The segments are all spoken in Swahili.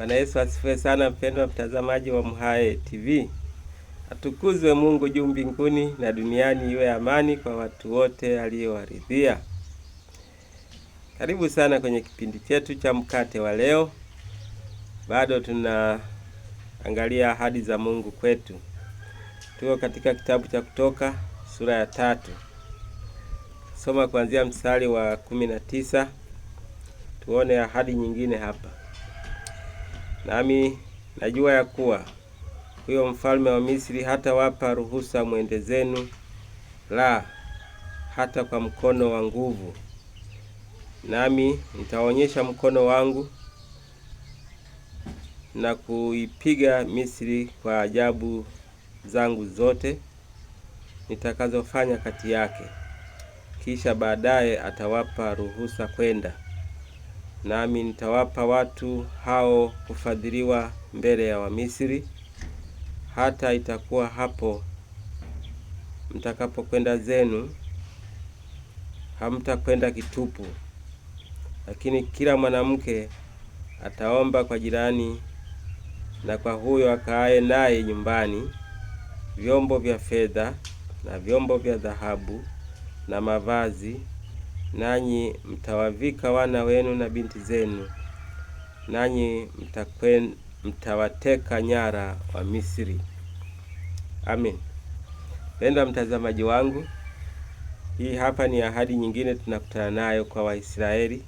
Bwana Yesu asifiwe sana, mpendwa mtazamaji wa MHAE TV. Atukuzwe Mungu juu mbinguni, na duniani iwe amani kwa watu wote aliyowaridhia. Karibu sana kwenye kipindi chetu cha mkate wa leo. Bado tunaangalia ahadi za Mungu kwetu. Tuko katika kitabu cha Kutoka sura ya tatu, soma kuanzia mstari wa kumi na tisa tuone ahadi nyingine hapa nami najua ya kuwa huyo mfalme wa Misri hatawapa ruhusa mwende zenu, la hata kwa mkono wa nguvu, nami nitaonyesha mkono wangu na kuipiga Misri kwa ajabu zangu zote nitakazofanya kati yake. Kisha baadaye atawapa ruhusa kwenda nami nitawapa watu hao kufadhiliwa mbele ya Wamisri, hata itakuwa hapo mtakapokwenda zenu hamtakwenda kitupu. Lakini kila mwanamke ataomba kwa jirani na kwa huyo akaaye naye nyumbani vyombo vya fedha na vyombo vya dhahabu na mavazi nanyi mtawavika wana wenu na binti zenu, nanyi mtakwen, mtawateka nyara wa Misri. Amen. penda mtazamaji wangu, hii hapa ni ahadi nyingine tunakutana nayo kwa Waisraeli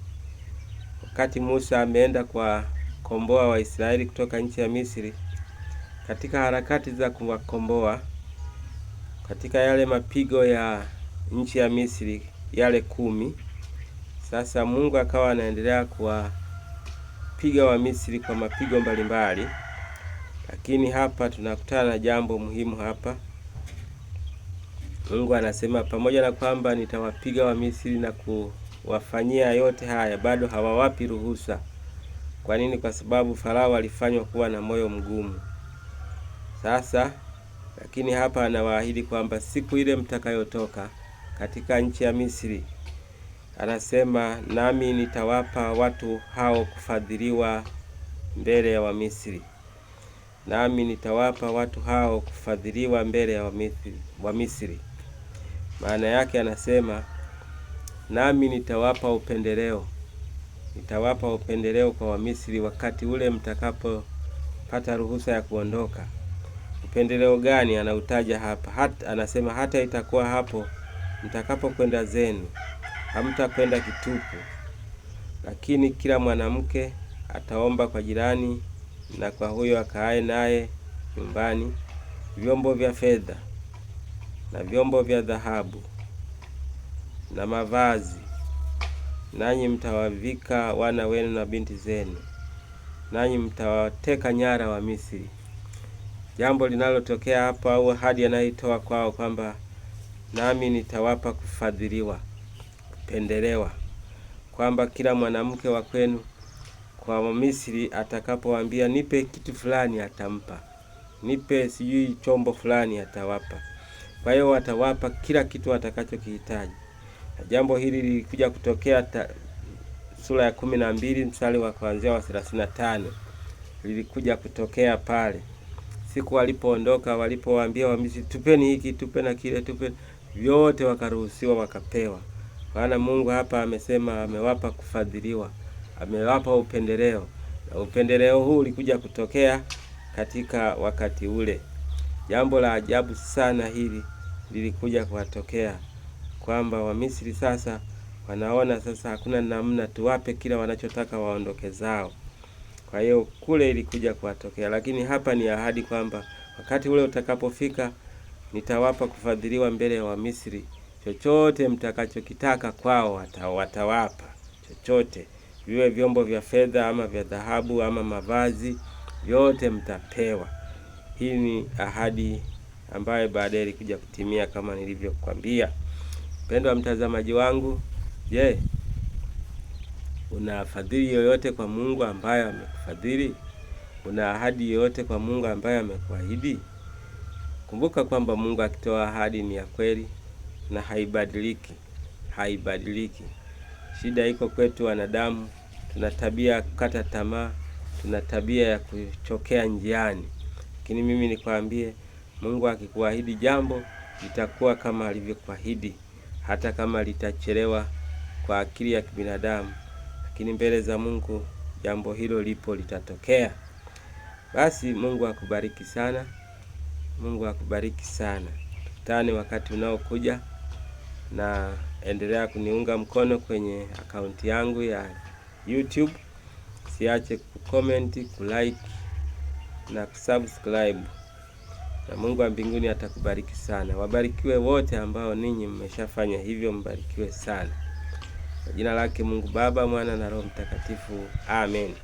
wakati Musa ameenda kuwakomboa Waisraeli kutoka nchi ya Misri. Katika harakati za kuwakomboa, katika yale mapigo ya nchi ya Misri yale kumi. Sasa Mungu akawa anaendelea kuwapiga Wamisri kwa mapigo mbalimbali, lakini hapa tunakutana na jambo muhimu hapa. Mungu anasema pamoja na kwamba nitawapiga Wamisri na kuwafanyia yote haya, bado hawawapi ruhusa. Kwa nini? Kwa sababu Farao alifanywa kuwa na moyo mgumu. Sasa lakini hapa anawaahidi kwamba siku ile mtakayotoka katika nchi ya Misri. Anasema, nami nitawapa watu hao kufadhiliwa mbele ya Wamisri, nami nitawapa watu hao kufadhiliwa mbele ya Wamisri. Maana yake anasema, nami nitawapa upendeleo, nitawapa upendeleo kwa Wamisri wakati ule mtakapopata ruhusa ya kuondoka. Upendeleo gani anautaja hapa? Hat, anasema hata itakuwa hapo mtakapokwenda zenu hamtakwenda kitupu, lakini kila mwanamke ataomba kwa jirani na kwa huyo akaaye naye nyumbani vyombo vya fedha na vyombo vya dhahabu na mavazi, nanyi mtawavika wana wenu na binti zenu, nanyi mtawateka nyara wa Misri. Jambo linalotokea hapa au ahadi anayoitoa kwao kwamba nami nitawapa kufadhiliwa, kupendelewa, kwamba kila mwanamke wa kwenu kwa Wamisri atakapowaambia nipe kitu fulani atampa, nipe sijui chombo fulani atawapa. Kwa hiyo watawapa kila kitu watakachokihitaji. Na jambo hili lilikuja kutokea ta, sura ya kumi na mbili mstari wa kuanzia wa thelathini na tano lilikuja kutokea pale siku walipoondoka, walipowaambia Wamisri tupeni hiki, tupeni na kile, tupeni vyote wakaruhusiwa wakapewa. Maana Mungu hapa amesema amewapa kufadhiliwa, amewapa upendeleo, na upendeleo huu ulikuja kutokea katika wakati ule. Jambo la ajabu sana hili lilikuja kuwatokea kwamba Wamisri sasa wanaona sasa hakuna namna, tuwape kila wanachotaka waondoke zao. Kwa hiyo kule ilikuja kuwatokea, lakini hapa ni ahadi kwamba wakati ule utakapofika nitawapa kufadhiliwa mbele ya Wamisri, chochote mtakachokitaka kwao watawapa chochote, viwe vyombo vya fedha ama vya dhahabu ama mavazi, vyote mtapewa. Hii ni ahadi ambayo baadaye ilikuja kutimia kama nilivyokwambia. Mpendwa mtazamaji wangu, je, una fadhili yoyote kwa Mungu ambayo amekufadhili? Una ahadi yoyote kwa Mungu ambayo amekuahidi? Kumbuka kwamba Mungu akitoa ahadi ni ya kweli na haibadiliki, haibadiliki. Shida iko kwetu wanadamu, tuna tabia ya kukata tamaa, tuna tabia ya kuchokea njiani. Lakini mimi nikwambie, Mungu akikuahidi jambo litakuwa kama alivyokuahidi, hata kama litachelewa kwa akili ya kibinadamu, lakini mbele za Mungu jambo hilo lipo, litatokea. Basi Mungu akubariki sana. Mungu akubariki sana, tukutane wakati unaokuja, na endelea kuniunga mkono kwenye akaunti yangu ya YouTube. Siache kucomment, kulike na kusubscribe, na Mungu wa mbinguni atakubariki sana. Wabarikiwe wote ambao ninyi mmeshafanya hivyo, mbarikiwe sana. Kwa jina lake Mungu Baba, Mwana na Roho Mtakatifu, amen.